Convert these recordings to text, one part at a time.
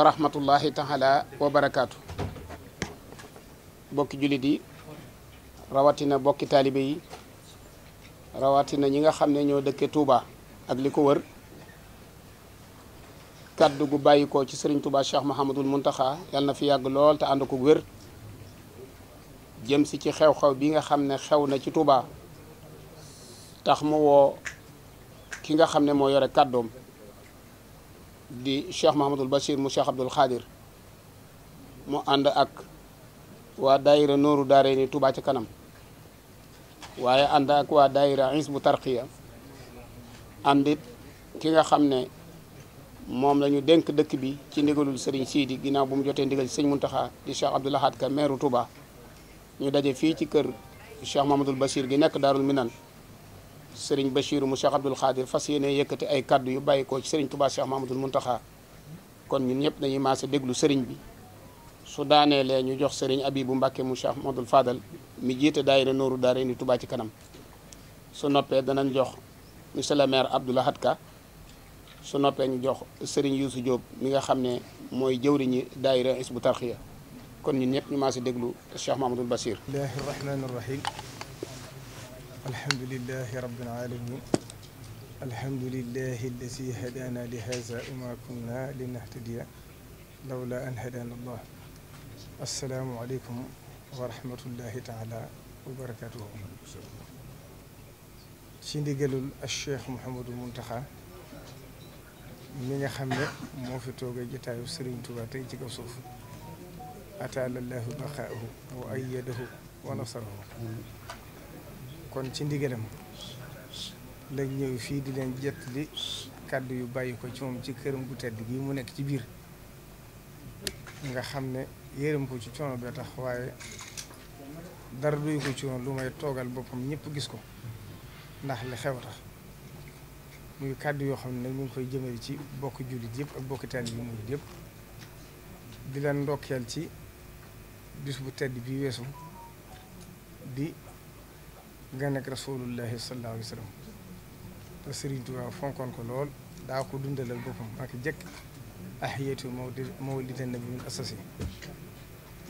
wa rahmatullahi taala wa barakaatu bokki jullit yi rawatina bokki taalibe yi rawatina ñi nga xam ne ñoo dëkke tuubaa ak li ko wër kaddu gu bàyyikoo ci sëriñ Touba Cheikh Mouhamadul Mountakha yàlla na fi yàgg lool te ànd ko wér jëm si ci xew-xew bi nga xam ne xew na ci Touba tax mu woo ki nga xam ne moo yore kàddoom di cheikh Mahamadul Bachir mu cheikh Abdoul Khadir mu ànd ak waa daayira nooru daare ni Touba ca kanam waaye ànd ak waa daayira ins bu tarqiya àndit ki nga xam ne moom la denk dëkk bi ci ndigalul sëriñ Sidi ginnaaw bu mu jotee ndigal ci sëñ Muntaxa di cheikh Abdoul Ahad Ka meeru Touba ñu daje fii ci kër cheikh Mahamadul Bachir gi nekk daarul minan sëriñ Bachir mu Cheikh Abdoul Khadir fas yéene yëkkati ay kaddu yu bàyyi ko ci sëriñ Touba Cheikh Mahamadoul kon ñun ñëpp dañuy maase déglu sëriñ bi su daanee lee ñu jox sëriñ Abibu Mbàkke mu Cheikh Mahamadoul Fadal mi jiite daayira Nooru Daarayni Touba ci kanam su noppee danañ jox monsieur le maire Abdou Lahad Ka su noppee ñu jox sëriñ Youssou Diop mi nga xam ne mooy jëwriñi daayira Hizbut Tarqiyyah kon ñun ñëpp ñu maase déglu Cheikh Mahamadoul Bachir. bismillahi rahmaani rahim alhamdulilahi rabbil alamin alhamdulilahi alladi hadana li haza wama kunna linahtadiya lawla an hadana allah assalaamu aleykum wa rahmatullahi taala wa barakatuhu ci ndigalul Cheikh Mouhamadou Mountakha mi nga xam ne moo fi tooga jotaayu Serigne Touba tey ci kaw suuf ataalallahu baqaahu wa ayyadahu wa nasarahu kon ci ndigalam lañ ñëw fii di leen jett li kàddu yu bàyyi ko ci moom ci këram gu tedd gi mu nekk ci biir nga xam ne yërëm ko ci coono bi tax waaye dara duy ko ci woon lu may toogal boppam ñépp gis ko ndax li xew tax muy kàdd yoo xam ne mu ngi koy jëmale ci bokk jullit yëpp ak bokk taalibe bi murit yëpp di leen ndokkeel ci bis bu tedd bi weesu di nga nekk rasulullahi sallallahu alayhi wa sallam te Serigne fonkoon ko lool daa ko dundalal boppam ak jëkk ahiyatu mawlid mawlid nabi min asasi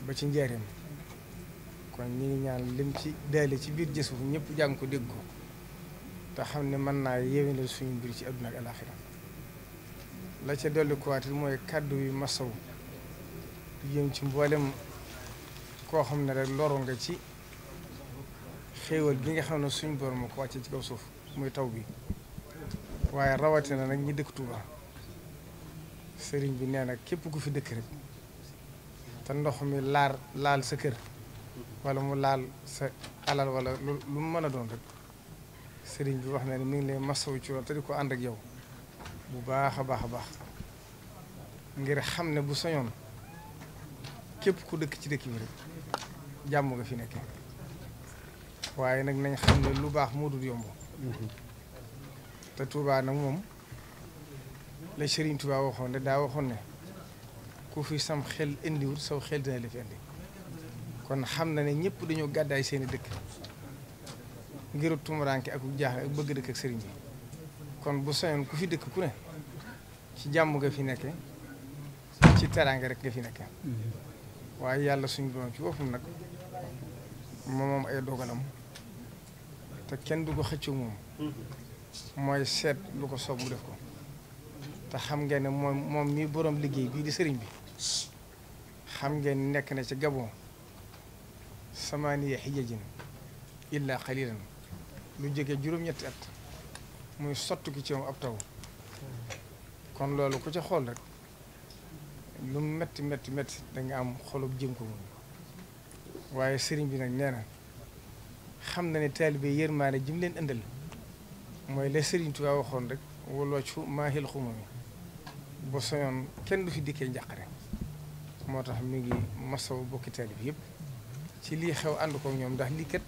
ba ci njaareem kon ñi ngi ñaan lim ci daale ci biir jës bu ñëpp jàng ko dégg ko te xam ne mën naa yéwénal suñu mbir ci àdduna ak alaaxira la ci dolli ko waat mooy kàddu yu masaw yëm ci mboolem koo xam ne rek loro nga ci xéewal gi nga xam ne suñ borom moo ko wàccee ci kaw suuf muy taw bi waaye rawatina nag ñi dëkk Touba sëriñ bi nee nag képp ku fi dëkk rek te ndox mi laar laal sa kër wala mu laal sa alal wala lu mu mën a doon rek sëriñ bi wax na ne mu ngi lay masawu ci loolu te di ko ànd ak yow bu baax a baax a baax ngir xam ne bu soñoon képp ku dëkk ci dëkk bi rek jàmm nga fi nekkee. waaye nag nañ xam ne lu baax moo dul yomb te Touba nag moom la Serigne Touba waxoon ne daa waxoon ne ku fi sam xel indiwul saw xel dina la fi indi kon xam na ne ñëpp dañoo gàddaay seeni dëkk ngir tumuraanke ak jaaxle ak bëgg dëkk ak sëriñ bi kon bu sañoon ku fi dëkk ku ne ci jàmm nga fi nekke ci teraanga rek nga fi nekke mm-hmm. waaye yàlla suñ borom ci boppam nag moom ay dogalam te kenn du ko xëccoo moom mooy seet lu ko soob mu def ko te xam nga ne moom moom mii boroom liggéey bii di sëriñ bi xam ngeen nekk na ci Gabon samaniya xijajin illa xalilan lu jóge juróom-ñetti at muy sotti ki ci moom ab taw kon loolu ku ca xool rek lu metti metti metti da am xolub jëm ko moom waaye sëriñ bi nag nee na xam na ne taalibe yërmaane ji mu leen indal mooy la Sëriñ Tuubaa waxoon rek wal wàccu maahil xuma mi ba soñoon kenn du fi dikkee njàqare moo tax mi ngi masaw bokki taalibe yëpp ci lii xew ànd ko ñoom ndax lii kat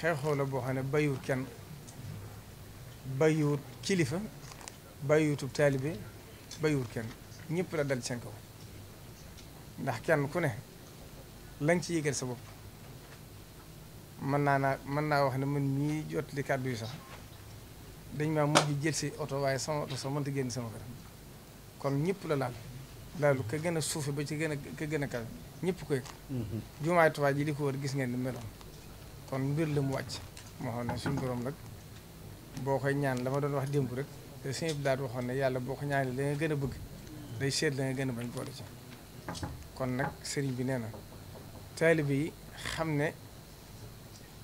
xew-xew la boo xam ne bàyyiwut kenn bàyyiwut kilifa bàyyiwutub taalibe bàyyiwut kenn ñépp la dal seen ko ndax kenn ku ne la ci yëgal sa bopp mën naa naa mën naa wax ne mën ñii jot li kàddu yi sax dañ maa mujj jël oto waaye sama oto sax mënta génn sama kër kon ñëpp la laal laalu ka gën a suufe ba ci gën a ka gën ñëpp ko yëg mhm. jumaay Tuubaa ji li ko wër gis ngeen ni meloon kon mbir la mu wàcc moo xam ne suñu borom rek boo ko ñaan la ma doon wax démb rek te suñu daal waxoon ne yàlla boo ko ñaanee la nga gën a bëgg day seet la nga gën a bañ boole ci kon nag sëriñ bi nee na taalibe yi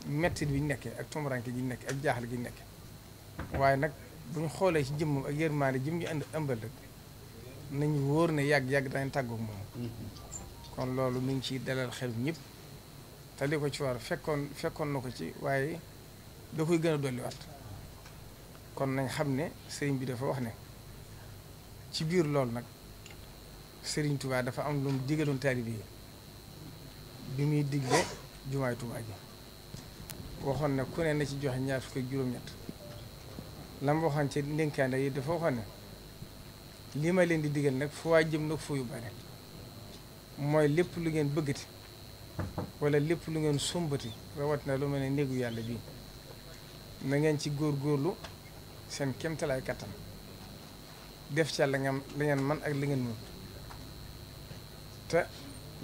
mettit bi ñu nekkee ak tumuraanke gi ñu nekkee ak jaaxal gi ñu nekkee waaye nag bu ñu xoolee ci jëmm ak yërmaande jëm ñu indi ëmbal rek nañu wóor ne yàgg-yàgg danañ tàggoog moom kon loolu mi ngi ciy dalal xel ñëpp te li ko ci war fekkoon fekkoon na ko ci waaye da koy gën a dolliwaat kon nañ xam ne sëriñ bi dafa wax ne ci biir loolu nag sëriñ Touba dafa am lu mu digaloon taalibe yi bi muy digle jumaay Touba ji waxoon ne ku ne na ci joxe ñaar fukk ak juróom-ñett la ci ndénkaane yi dafa waxoon ne lii ma leen di digal nag fu waa jëm nag fu yu bare mooy lépp lu ngeen bëggati walla lépp lu ngeen sumbati rawat na lu mel ne néegu yàlla bii na ngeen ci góorlu seen kéemtalaay kattan def ca la ngeen la ngeen man ak li ngeen mën te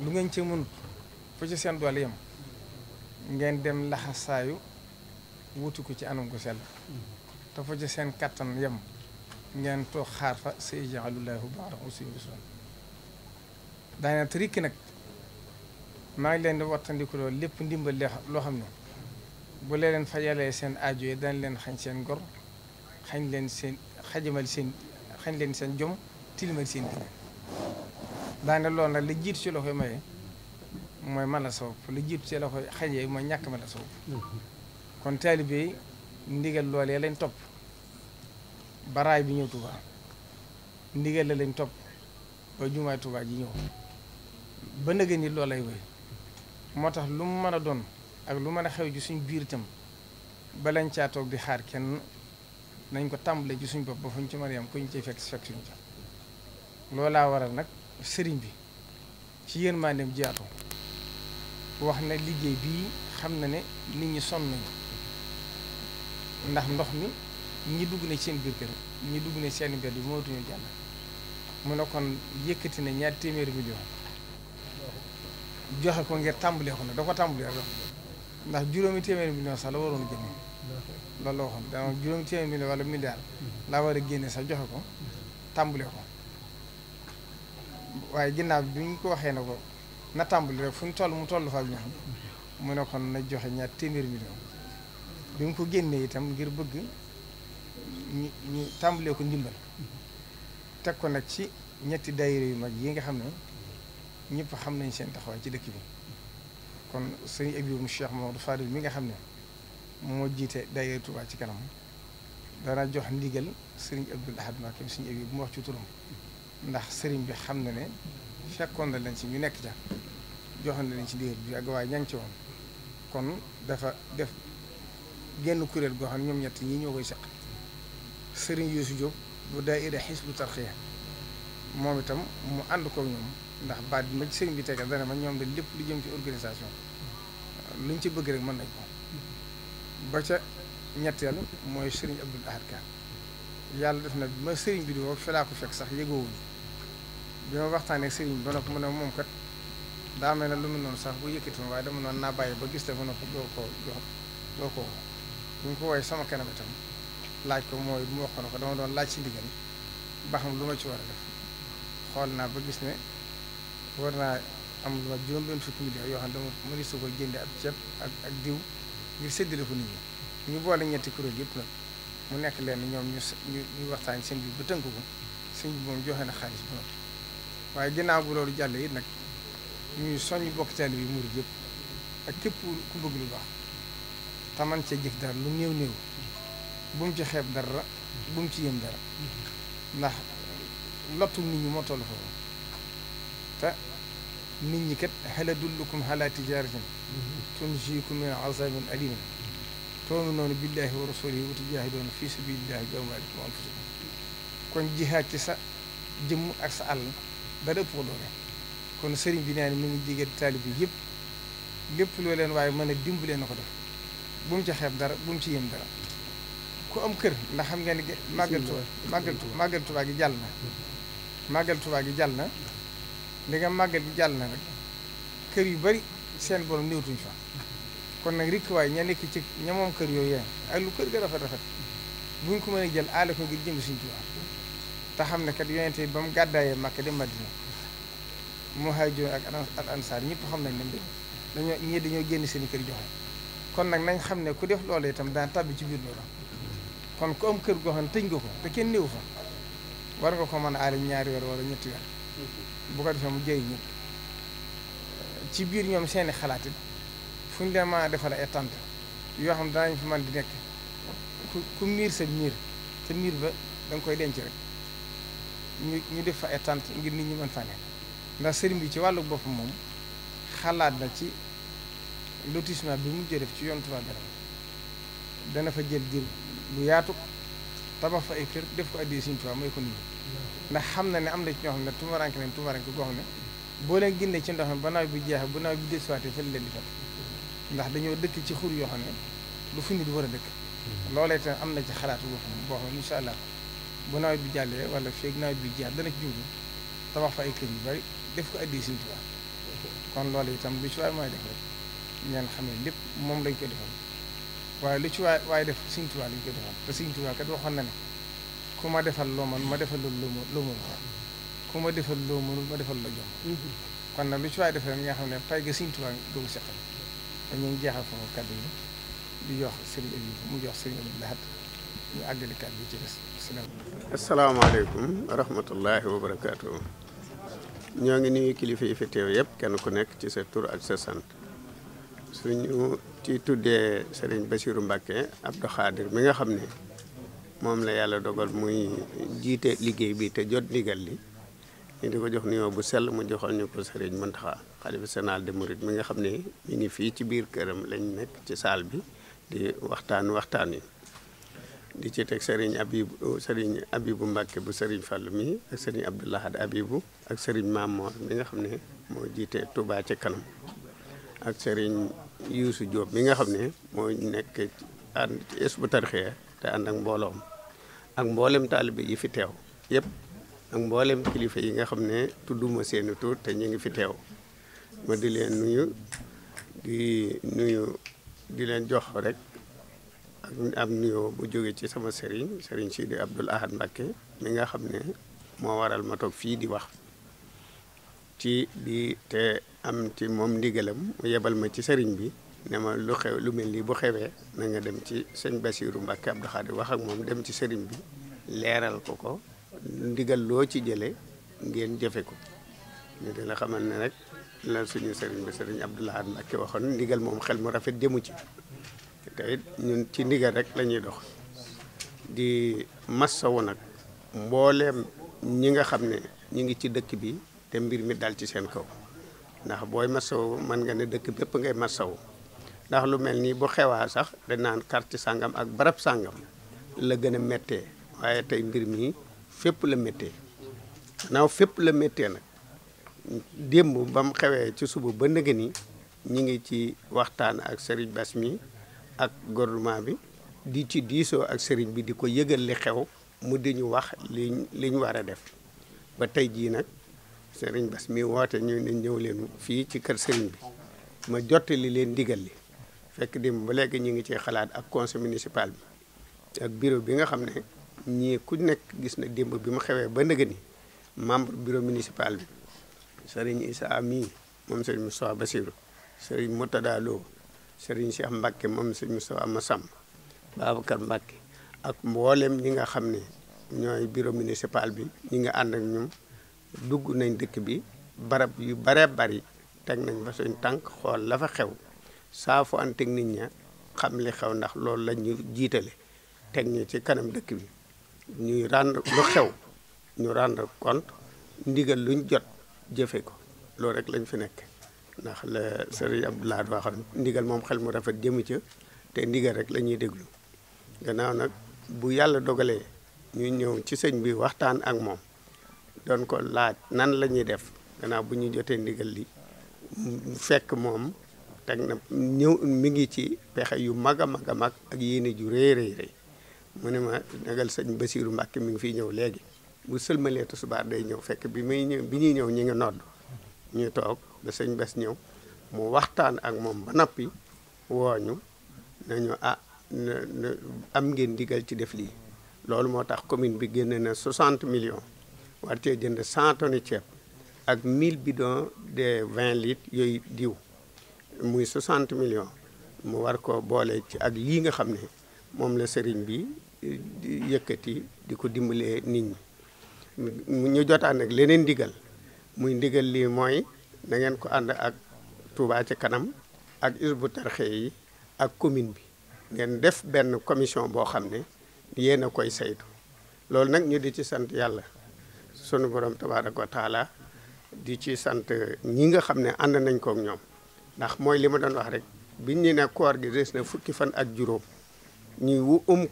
lu ngeen ci mënut fu ci seen doole yem ngeen dem laxasaayu wuti ko ci anam gu sell te fa ci seen kattan yem ngeen toog xaar fa sa ijalullahu baara usi usran daana trikk nag maa ngi leen di wattandiku loolu lépp ndimbal loo xam ne bu leen fa yalee seen ajo yi dana leen xañ seen gor xañ leen seen xajamal seen xañ leen seen jom tilimal seen dina daane loolu nag li jiit ci loxoy maye mooy mën a soob lu jiitu see la koy xajee mooy ñàkk mën a soob kon taalibe yi ndigal loolee lañ topp baraay bi ñëw Tuubaa ndigal la lañ topp ba jumaay Tuubaa ji ñëw ba nëgë ni loolay woy moo tax lu mu mën a doon ak lu mën a xew ji suñ biir itam balañ caa toog di xaar kenn nañ ko tàmbalee ji suñ bopp ba fuñ ci man a yam kuñ ciy fekk fekk suñ ca loolaa waral nag sëriñ bi ci yéen maa dem jiyaatoo wax na liggéey bii xam na ne nit ñi sonn nañu ndax ndox mi ñi dugg na seen biir kër ñi dugg na seen mbedd bi mootuñu jàll mu ne kon yëkkati na ñaar téeméeri million joxe ko ngir tàmbalee ko na da ko tàmbalee ndax juróomi téeméeri million sax la waroon génne loolu la waxoon dama juróomi téeméeri million wala milliard laa war a génne sax joxe ko tàmbalee ko waaye ginnaaw bi ñu ko waxee na ko na tàmbali rek fu ñu toll mu toll faak ñu xam mu ne kon na joxe ñaat téeméer million bi mu ko génnee itam ngir bëgg ñu ñu tàmbalee ko ndimbal teg ko nag ci ñetti daayira yu mag yi nga xam ne ñëpp xam nañ seen taxawaay ci dëkk bi kon sëñ Abibu Cheikh Mamadou Fadil mi nga xam ne moo jiite daayira Touba ci kanam dana jox ndigal sëriñ Abdul Ahad Mbakke sëñ Abibu mu wax ci turam ndax sëriñ bi xam na ne fekkoon na leen ci ñu nekk ja joxoon nañ ci digal bi ak ña ngi ci woon kon dafa def genn kuréel goo xam ne ñoom ñett ñi ñoo koy seq sëriñ Youssou Diop bu daayira moom itam mu ànd ko ñoom baat bi ma ci sëriñ bi ma ñoom de lépp lu jëm ci organisation luñ ci bëgg rek mën nañ ko ba ca ñetteel mooy sëriñ Abdoul Ahad Ka yàlla def nag ma sëriñ bi di woo fi fekk sax yëgoowuñ bi ma waxtaanee sëriñ bi ba nag mu ne moom kat daa mel ne lu mu noonu sax bu yëkkatoon waaye dama noonu naa bàyyi ba gis te mën na ko doo ko jox doo ko bu ñu ko woowee sama kanam itam laaj ko mooy bu ma waxoon ko dama doon laaj si ndigal ba xam lu ma ci war a xool naa ba gis ne war naa ma juróom benn fukki million yoo xam ne dama mëni su ko jënde ak ceeb ak ak diw ngir séddale ko nit ñi ñu boole ñetti kuréel yëpp nag mu nekk leen ñoom ñu ñu waxtaan seen bi ba tënk ko sëñ bi moom joxe na xaalis bu waaye ginnaaw bu loolu jàll it nag ñuy soññ bokk taalibe yi murid yëpp ak képp ku bëgg lu baax te man jëf dara lu néew néew bu mu ci xeeb dara bu mu ci yëm dara ndax lottu nit ñi moo toll foofu te nit ñi kat hal adullukum ala tijaratin tunjiikum min azabin alimin tu'minuuna billahi wa rasulihi wa tujaahiduuna fi sabilillahi bi amwaalikum wa anfusikum kon ci sa jëmm ak sa àll dara ëpp ko kon sëriñ bi nee na mi ngi jigéen taalib yi yëpp lépp loo leen waaye mën a dimbalee na ko def bu mu ci xeeb dara bu mu ci yëm dara ku am kër ndax xam ngeen ne màggal Tuubaa màggal gi jàll na màggal Tuubaa gi jàll na li nga màggal gi jàll na nag kër yu bari seen borom néewtuñ fa kon nag rikk waaye ña nekk ci ña moom kër yooyu yéen ak lu kër ga rafet rafet buñ ko mën jël aale ko ngir si Sëriñ Tuubaa te xam ne kat yonente ba mu gàddaayee Makka dem Madina muhaajiroon ak al ansaar ñëpp xam nañ ne mbir dañoo ñii dañoo génn seeni kër joxe kon nag nañ xam ne ku def loolu itam daan tàbbi ci biir loolu kon ku am kër goo xam ne tëj nga ko te kenn néew fa war nga ko mën a aale ñaari weer wala ñetti weer bu ko defee mu jëriñ ñëpp ci biir ñoom seeni xalaat it fu ñu demaa defal ay tànt yoo xam ne danañ fi man di nekk ku ku miir sa miir te miir ba da koy denc rek ñu ñu def fa ay tànt ngir nit ñi mën faa nekk ndax sëriñ bi ci wàllu boppam moom xalaat na ci lotissement bi mu jëlee ci yoon Touba dana fa jël diir bu yaatu tabax fa ay kër def ko addi Sëriñ Touba mooy ko nit ndax xam na ne am na ci ñoo xam ne tumaranke leen tumaranke xam ne boo leen génnee ci ndox mi ba bi jeex bu nawet bi desuwaatee fa leen di fa ndax dañoo dëkk ci xur yoo xam ne lu fu nit war a dëkk loolee itam am na ci xalaat boppam boo xam ne incha allah bu nawet bi jàllee wala feeg nawet bi jeex dana ci jublu tabax fa ay kër yu bari def ko addi Sëriñ Tuubaa kon loolu itam lu ci waay mooy def rek xam ne lépp moom lañ koy defal waaye lu ci waay waaye def Sëriñ Tuubaa lañ koy defal te Sëriñ Tuubaa kat waxoon na ne ku ma defal loo mën ma defal loolu loo mënul ku ma defal loo mënul ma defal la jom mm-hmm. kon nag lu ci waay def rek nga xam ne pay ga Sëriñ Tuubaa doogu seqal te ñu ngi jeexal foofu kàddu yi mu jox Sëriñ Aliou Lahat mu àggali kàddu ci des asalaamaaleykum wa rahmatullahi wa barakaatu. ñoo ngi nuyu kilifa yi fi teew yëpp kenn ku nekk ci sa tur ak sa sant suñu ci tuddee Serigne Bassirou Mbacké Abdou Khadir mi nga xam ne moom la yàlla dogal muy jiite liggéey bi te jot ndigal li ñu di ko jox nuyoo bu sell mu joxal ñu ko Serigne Mountakha xalifa senal de mourides mi nga xam ne mi ngi fii ci biir këram lañ nekk ci saal bi di waxtaan waxtaan yi di ci teg sëriñ Abibu Serigne Abibu Mbacke bu Serigne fàll mi ak Serigne Abdou Lahad Abibu ak Serigne Mamor mi nga xam ne moo jiite Touba ci kanam ak sëriñ Youssou Diop mi nga xam ne mooy nekk ànd ci Hizbut Tarqiyyah te ànd ak mbooloom ak mboolem taalibe yi fi teew yëpp ak mbooleem kilifa yi nga xam ne tudduma seeni tur te ñu ngi fi teew ma di leen nuyu di nuyu di leen jox rek. am nuyoo bu jóge ci sama sëriñ sëriñ Sidi Abdoul Ahad Mbacké mi nga xam ne moo waral ma toog fii di wax ci di te am ci moom ndigalam mu yebal ma ci sëriñ bi ne ma lu xew lu mel nii bu xewee na dem ci sëñ Basiiru mbakke Abdou Khadre wax ak moom dem ci sëriñ bi leeral ko ko ndigal loo ci jële ngeen jëfe ko ñu di la xamal ne rek la suñu sëriñ bi sëriñ Abdoul Ahad Mbacké waxoon ndigal moom xel mu rafet jëmu ci te ñu ci ndigal rek lañuy dox di massawu nag mbooleem ñi nga xam ne ñi ngi ci dëkk bi te mbir mi dal ci seen kaw ndax booy massawu man nga ne dëkk bépp ngay massawu ndax lu mel nii bu xewaa sax dañ naan kart sàngam ak barab sàngam la gën a méttee waaye tey mbir mii fépp la méttee naaw fépp la méttee nag démb ba xewee ci suba ba nëgë ni ñu ngi ci waxtaan ak Serigne Bass mi ak gouvernement bi di ci diisoo ak sëriñ bi di ko yëgal li xew mu di ñu wax liñ li ñu war a def ba tey jii nag sëriñ bas mi woote ñu ne ñëw leen fii ci kër sëriñ bi ma jottali leen ndigal li fekk dem ba léegi ñu ngi ci xalaat ak conseil municipal bi ak bureau bi nga xam ne ñii ku nekk gis na démb bi mu xewee ba ndëgë ni membre bureau municipal bi sëriñ Issa mii moom sëriñ Moussa Bassirou sëriñ Moutada daaloo sëriñ Cheikh Mbacke moom sëriñ Moustapha Massam Babacar Mbacke ak mbooleem ñi nga xam ne ñooy bureau municipal bi ñi nga ànd ak ñoom dugg nañ dëkk bi barab yu bare bari teg nañ ba suñ tànk xool la fa xew saafu anteeg nit ña xam li xew ndax loolu la ñu jiitale teg ñi ci kanam dëkk bi ñuy rendre lu xew ñu rendre compte ndigal luñ jot jëfe ko loolu rek lañ fi nekk ndax la sëriñ Abdoulaye waxoon ndigal moom xel mu rafet jëmu ca te ndigal rek lañuy déglu gannaaw nag bu yàlla dogalee ñuy ñëw ci sëñ bi waxtaan ak moom doon ko laaj nan la ñuy def gannaaw bu ñu jotee ndigal li fekk moom teg na ñëw mi ngi ci pexe yu mag a mag a mag ak yéene ju rëy rëy rëy mu ne ma nagal sëñ Basiiru Mbàkke mi ngi fiy ñëw léegi bu sëlmalee tusubaar day ñëw fekk bi muy ñëw bi ñuy ñëw ñu ngi nodd ñu toog ba sëñ bés ñëw mu waxtaan ak moom ba noppi wooñu nañu ah am ngeen digal ci def lii loolu moo tax commune bi génne na 60 million war cee jënd 100 tonnes ceeb ak 1000 bidons de vingt litres yooyu diw muy 60 million mu war ko boole ci ak lii nga xam ne moom la sëriñ bi eh, yëkkati di ko dimbalee nit ñi ñu jotaan nag leneen ndigal muy ndigal lii mooy na ngeen ko ànd ak Touba ci kanam ak bu tarxe yi ak commune bi ngeen def benn commission boo xam ne yéen a koy saytu loolu nag ñu di ci sant yàlla sunu borom tabaaraka ko taala di ci sant ñi nga xam ne ànd nañ kook ñoom ndax mooy li ma doon wax rek biñ ñu ne koor gi des na fukki fan ak juróom ñuy wu um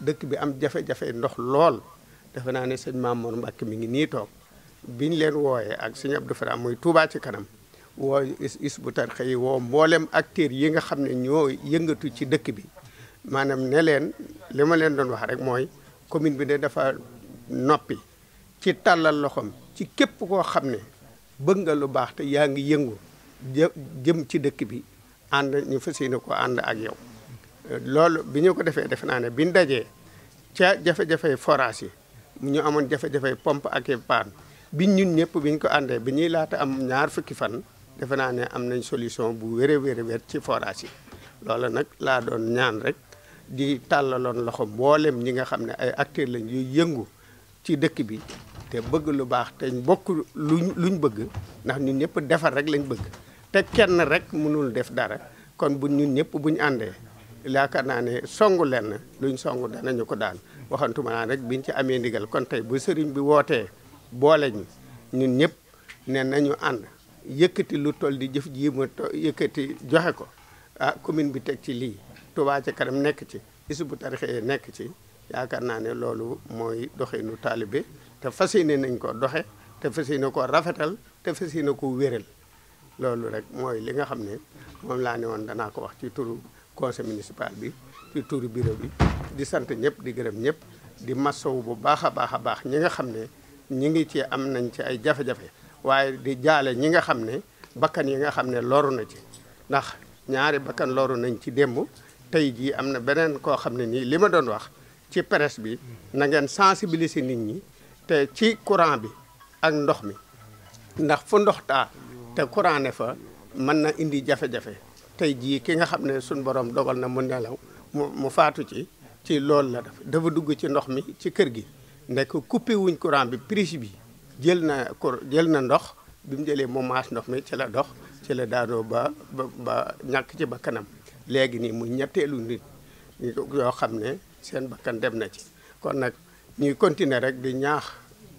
dëkk bi am jafe-jafe ndox lool defe naa ne sëñ Mamour Mbacke mi ngi nii toog biñ leen wooyee ak sëñ Abdou Fara muy Touba ci kanam woo Hizbut Tarqiyyah yi woo mboolem acteurs yi nga xam ne ñoo yëngatu ci dëkk bi maanaam ne leen li ma leen doon wax rek mooy commune bi de dafa noppi ci tàllal loxoom ci képp koo xam ne bëgg nga lu baax te yaa ngi yëngu jëm ci dëkk bi ànd ñu fas yéene ko ànd ak yow loolu bi ñu ko defee defe naa ne biñ dajee ca jafe-jafe forage mu ñu amoon jafe-jafe pompe ak i paan biñ ñun ñëpp biñ ko àndee bi ñuy laata am ñaar fukki fan defe naa ne am nañ solution bu wér wér ci forage yi loola nag laa doon ñaan rek di tàllaloon loxo mboolem ñi nga xam ne ay acteurs lañ yëngu ci dëkk bi te bëgg lu baax te bokk luñ luñ bëgg ndax ñu ñëpp defar rek lañ bëgg te kenn rek mënul def dara kon bu ñun ñëpp buñ àndee yaakaar naa ne songu lenn luñ songu ñu ko daan waxantuma naa rek biñ ci amee ndigal kon tey bu sëriñ bi wootee boole ñu ñun ñëpp ne nañu ànd yëkkati lu toll di jëf ji ma yëkkati joxe ko ah commune bi teg ci lii Touba ci kanam nekk ci bu Tarqiyyah nekk ci yaakaar naa ne loolu mooy doxinu taalibe te fas yéene nañ ko doxe te fas yéene ko rafetal te fas yéene ko wéral loolu rek mooy li nga xam ne moom laa ne woon danaa ko wax ci turu conseil municipal bi ci turu bureau bi di sant ñëpp di gërëm ñëpp di masawu bu baax a baax a baax ñi nga xam ne ñi ngi ci am nañ ci ay jafe-jafe waaye di jaale ñi nga xam ne bakkan yi nga xam ne looru na ci ndax ñaari bakkan looru nañ ci démb tey jii am na beneen koo xam ne nii li ma doon wax ci presse bi na ngeen sensibiliser nit ñi te ci courant bi ak ndox mi ndax fu ndox taa te courant ne fa mën na indi jafe-jafe tey jii ki nga xam ne suñ borom dogal na mu nelaw mu mu faatu ci ci loolu la dafa dugg ci ndox mi ci kër gi nekk coupé wuñ courant bi prise bi jël na ko jël na ndox bi mu jëlee mu maas ndox mi ci la dox ci la daanoo ba ba ñàkk ci bakkanam léegi nii mu ñetteelu nit yoo xam ne seen bakkan dem na ci kon nag ñuy continuer rek di ñaax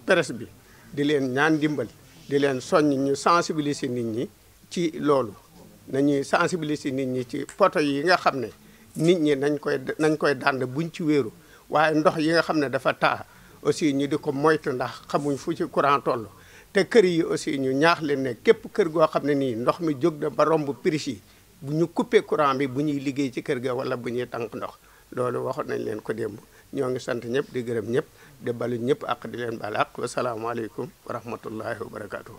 presse bi di leen ñaan ndimbal di leen soññ ñu sensibiliser nit ñi ci loolu nañuy sensibiliser nit ñi ci poto yi nga xam ne nit ñi nañ koy nañ koy dànd buñ ci wéeru waaye ndox yi nga xam ne dafa taa aussi ñu di ko moytu ndax xamuñ fu ci courant toll te kër yi aussi ñu ñaax leen ne képp kër goo xam ne nii ndox mi jóg na ba romb prise yi bu ñu coupé courant bi bu ñuy liggéey ci kër ga wala bu ñuy tànk ndox loolu waxoon nañ leen ko démb ñoo ngi sant ñëpp di gërëm ñëpp di balu ñëpp ak di leen baal ak wasalaamaaleykum wa rahmatullahi wa barakatuhu